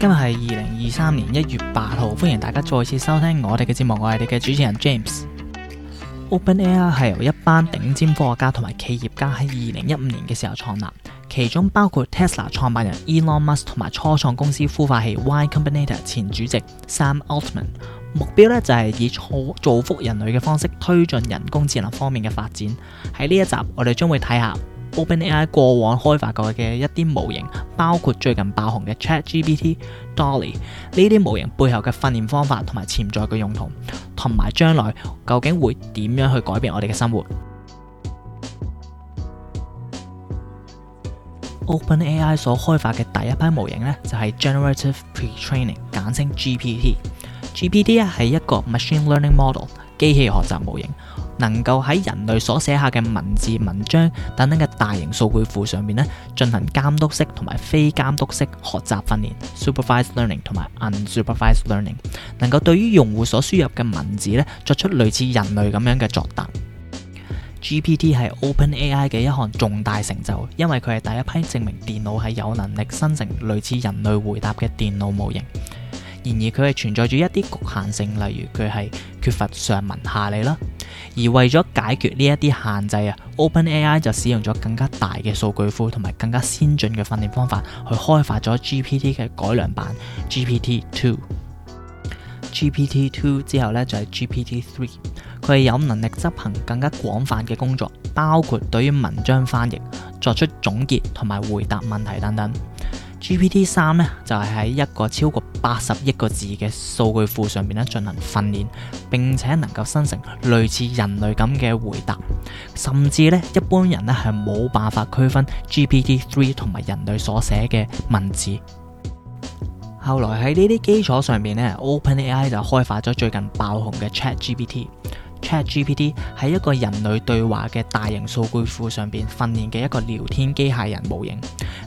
今日係二零二三年一月八號，歡迎大家再次收聽我哋嘅節目，我係你嘅主持人 James。OpenAI 係由一班頂尖科學家同埋企業家喺二零一五年嘅時候創立，其中包括 Tesla 創辦人 Elon Musk 同埋初創公司孵化器 Y Combinator 前主席 Sam Altman。目標咧，就係以造福人類嘅方式推進人工智能方面嘅發展。喺呢一集，我哋將會睇下 OpenAI 過往開發過嘅一啲模型，包括最近爆紅嘅 ChatGPT、DALL-E 呢啲模型背後嘅訓練方法同埋潛在嘅用途，同埋將來究竟會點樣去改變我哋嘅生活。OpenAI 所開發嘅第一批模型呢，就係 Generative Pretraining，簡稱 GPT。GPT 啊，係一個 machine learning model，機器學習模型，能夠喺人類所寫下嘅文字、文章等等嘅大型數據庫上面咧進行監督式同埋非監督式學習訓練 （supervised learning） 同埋 unsupervised learning，能夠對於用戶所輸入嘅文字咧作出類似人類咁樣嘅作答。GPT 係 OpenAI 嘅一項重大成就，因為佢係第一批證明電腦係有能力生成類似人類回答嘅電腦模型。然而佢係存在住一啲局限性，例如佢係缺乏上文下理啦。而為咗解決呢一啲限制啊，OpenAI 就使用咗更加大嘅數據庫同埋更加先進嘅訓練方法，去開發咗 GPT 嘅改良版 GPT Two。GPT Two 之後咧就係 GPT Three，佢係有能力執行更加廣泛嘅工作，包括對於文章翻譯、作出總結同埋回答問題等等。GPT 三咧就係喺一個超過八十億個字嘅數據庫上面咧進行訓練，並且能夠生成類似人類咁嘅回答，甚至咧一般人咧係冇辦法區分 GPT three 同埋人類所寫嘅文字。後來喺呢啲基礎上面咧，OpenAI 就開發咗最近爆紅嘅 ChatGPT。ChatGPT 喺一個人類對話嘅大型數據庫上邊訓練嘅一個聊天機械人模型，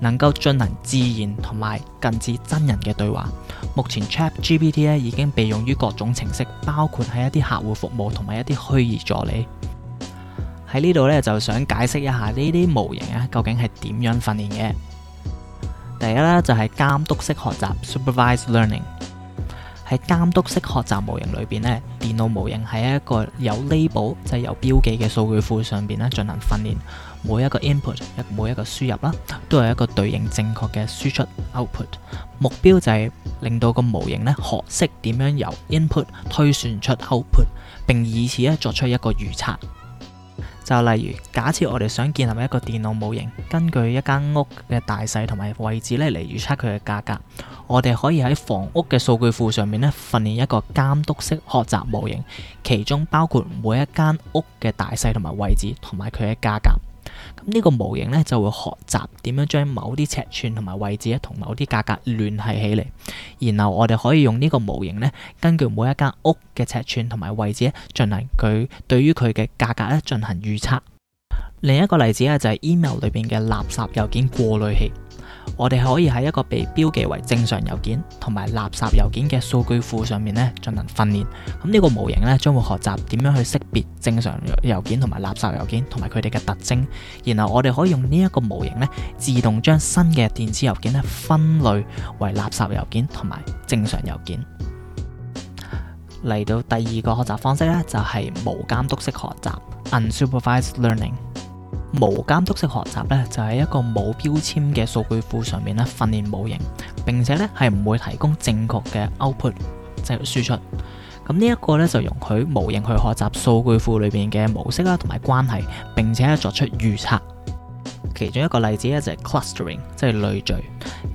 能夠進行自然同埋近似真人嘅對話。目前 ChatGPT 咧已經被用於各種程式，包括喺一啲客戶服務同埋一啲虛擬助理。喺呢度咧就想解釋一下呢啲模型啊，究竟係點樣訓練嘅？第一咧就係監督式學習 （supervised learning）。喺監督式學習模型裏邊，咧，電腦模型喺一個有 label 就係有標記嘅數據庫上邊咧進行訓練，每一個 input，每一個輸入啦，都係一個對應正確嘅輸出 output。目標就係令到個模型咧學識點樣由 input 推算出 output，並以此咧作出一個預測。就例如假設我哋想建立一個電腦模型，根據一間屋嘅大細同埋位置咧嚟預測佢嘅價格。我哋可以喺房屋嘅數據庫上面咧，訓練一個監督式學習模型，其中包括每一間屋嘅大細同埋位置，同埋佢嘅價格。咁呢個模型咧就會學習點樣將某啲尺寸同埋位置咧同某啲價格聯繫起嚟。然後我哋可以用呢個模型咧，根據每一間屋嘅尺寸同埋位置，進行佢對於佢嘅價格咧進行預測。另一個例子咧就係 email 裏邊嘅垃圾郵件過濾器。我哋可以喺一個被標記為正常郵件同埋垃圾郵件嘅數據庫上面咧進行訓練，咁呢個模型咧將會學習點樣去識別正常郵件同埋垃圾郵件同埋佢哋嘅特徵，然後我哋可以用呢一個模型咧自動將新嘅電子郵件咧分類為垃圾郵件同埋正常郵件。嚟到第二個學習方式咧就係無監督式學習 （unsupervised learning）。無監督式學習咧就係一個冇標籤嘅數據庫上面咧訓練模型，並且咧係唔會提供正確嘅 output 即係輸出。咁呢一個咧就容許模型去學習數據庫裏邊嘅模式啦，同埋關係，並且作出預測。其中一個例子咧就係 clustering，即係聚類。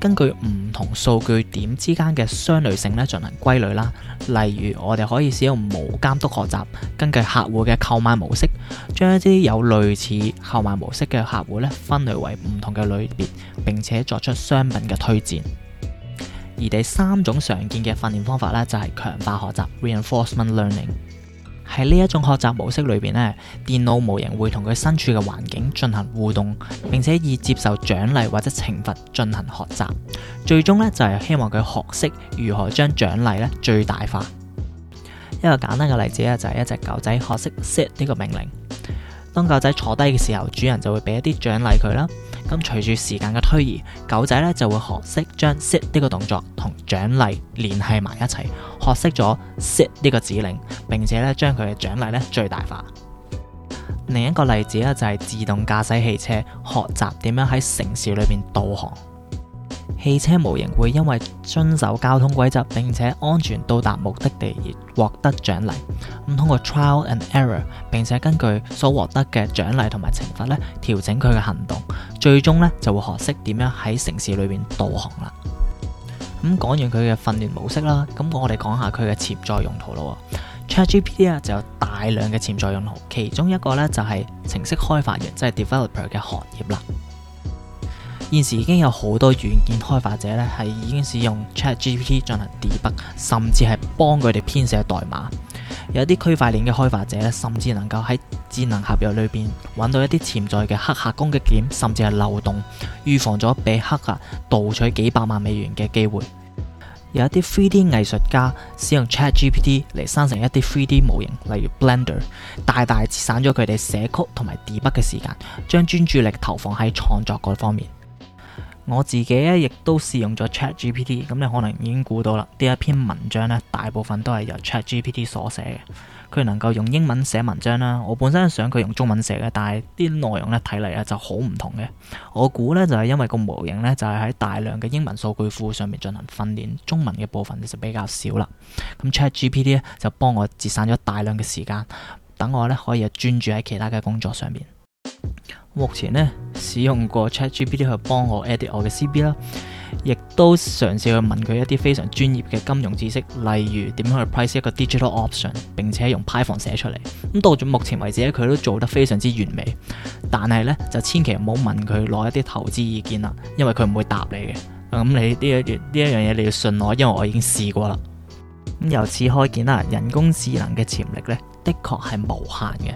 根據唔同數據點之間嘅相類性咧，進行歸類啦。例如，我哋可以使用無監督學習，根據客戶嘅購買模式，將一啲有類似購買模式嘅客戶咧，分類為唔同嘅類別，並且作出商品嘅推薦。而第三種常見嘅訓練方法咧，就係強化學習 （reinforcement learning）。喺呢一種學習模式裏邊咧，電腦模型會同佢身處嘅環境進行互動，並且以接受獎勵或者懲罰進行學習。最終呢，就係希望佢學識如何將獎勵咧最大化。一個簡單嘅例子啊，就係一隻狗仔學識「set」呢個命令。當狗仔坐低嘅時候，主人就會俾一啲獎勵佢啦。咁隨住時間嘅推移，狗仔咧就會學識將 sit 呢個動作同獎勵聯繫埋一齊，學識咗 sit 呢個指令，並且咧將佢嘅獎勵咧最大化。另一個例子咧就係自動駕駛汽車學習點樣喺城市裏面導航。汽車模型會因為遵守交通規則並且安全到達目的地而獲得獎勵。咁通過 trial and error，並且根據所獲得嘅獎勵同埋懲罰咧調整佢嘅行動，最終咧就會學識點樣喺城市裏面導航啦。咁講完佢嘅訓練模式啦，咁我哋講下佢嘅潛在用途咯。ChatGPT 就有大量嘅潛在用途，其中一個咧就係程式開發嘅，即係 developer 嘅行業啦。現時已經有好多軟件開發者咧，係已經使用 ChatGPT 進行 debug，甚至係幫佢哋編寫代碼。有啲區塊鏈嘅開發者咧，甚至能夠喺智能合約裏面揾到一啲潛在嘅黑客攻擊點，甚至係漏洞，預防咗被黑客盜取幾百萬美元嘅機會。有一啲 3D 藝術家使用 ChatGPT 嚟生成一啲 3D 模型，例如 Blender，大大節省咗佢哋寫曲同埋 debug 嘅時間，將專注力投放喺創作嗰方面。我自己咧，亦都試用咗 ChatGPT，咁你可能已經估到啦，呢一篇文章咧，大部分都係由 ChatGPT 所寫嘅。佢能夠用英文寫文章啦，我本身想佢用中文寫嘅，但係啲內容咧睇嚟啊，就好唔同嘅。我估咧就係因為個模型咧就係喺大量嘅英文數據庫上面進行訓練，中文嘅部分就比較少啦。咁 ChatGPT 咧就幫我節省咗大量嘅時間，等我咧可以專注喺其他嘅工作上面。目前咧使用過 ChatGPT 去幫我 edit 我嘅 CB 啦，亦都嘗試去問佢一啲非常專業嘅金融知識，例如點樣去 price 一個 digital option，並且用 Python 寫出嚟。咁到咗目前為止咧，佢都做得非常之完美。但係咧就千祈唔好問佢攞一啲投資意見啦，因為佢唔會答你嘅。咁你呢一呢一樣嘢你要信我，因為我已經試過啦。咁由此可見啦，人工智能嘅潛力咧的確係無限嘅。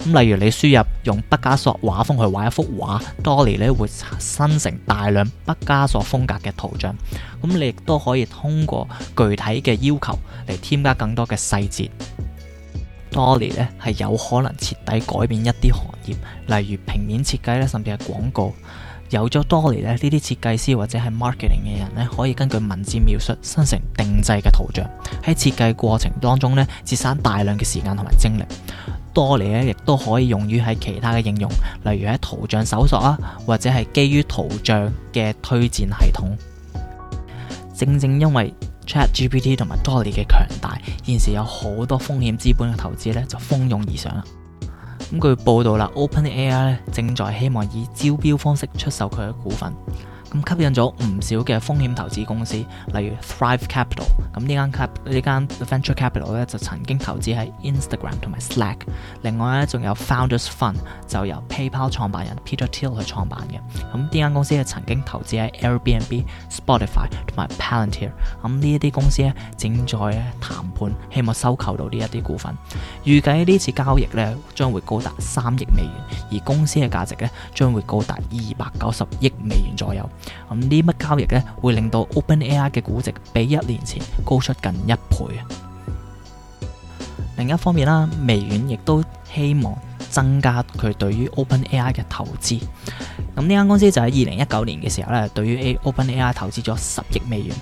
咁例如你輸入用畢加索畫風去畫一幅畫，DALL-E 咧會生成大量畢加索風格嘅圖像。咁你亦都可以通過具體嘅要求嚟添加更多嘅細節。DALL-E 咧係有可能徹底改變一啲行業，例如平面設計咧，甚至係廣告。有咗 DALL-E 咧，呢啲設計師或者係 marketing 嘅人咧，可以根據文字描述生成定制嘅圖像。喺設計過程當中咧，節省大量嘅時間同埋精力。DALL-E 咧，亦都可以用於喺其他嘅應用，例如喺圖像搜索啊，或者係基於圖像嘅推薦系統。正正因為 ChatGPT 同埋 DALL-E 嘅強大，現時有好多風險資本嘅投資咧，就蜂擁而上啦。咁據報道啦，OpenAI 咧正在希望以招標方式出售佢嘅股份。咁吸引咗唔少嘅風險投資公司，例如 Thrive Capital，咁呢間呢間 venture capital 咧就曾經投資喺 Instagram 同埋 Slack。另外咧仲有 Founders Fund，就由 PayPal 創辦人 Peter Thiel 去創辦嘅。咁呢間公司咧曾經投資喺 Airbnb、Spotify 同埋 Palantir。咁呢一啲公司咧正在談判，希望收購到呢一啲股份。預計呢次交易咧將會高達三億美元，而公司嘅價值咧將會高達二百九十億美元左右。咁呢筆交易咧，會令到 OpenAI 嘅估值比一年前高出近一倍。另一方面啦，微軟亦都希望增加佢對於 OpenAI 嘅投資。咁呢間公司就喺二零一九年嘅時候咧，對於 A OpenAI 投資咗十億美元，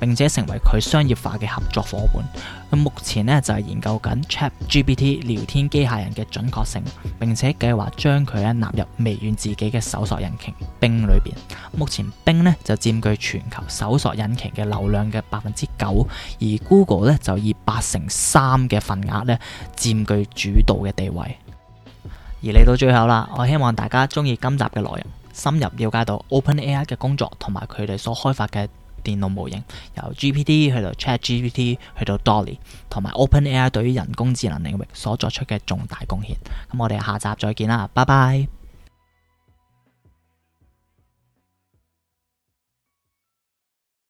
並且成為佢商業化嘅合作夥伴。咁目前咧就係研究緊 ChatGPT 聊天機械人嘅準確性，並且計劃將佢咧納入微軟自己嘅搜索引擎 Bing 裏面。目前 Bing 呢咧就佔據全球搜索引擎嘅流量嘅百分之九，而 Google 咧就以八成三嘅份額咧佔據主導嘅地位。而嚟到最後啦，我希望大家中意今集嘅內容，深入了解到 OpenAI 嘅工作同埋佢哋所開發嘅電腦模型，由 GPT，去 Chat，GPT 去到 ChatGPT，去到 DALL-E，同埋 OpenAI 對於人工智能領域所作出嘅重大貢獻。咁我哋下集再見啦，拜拜。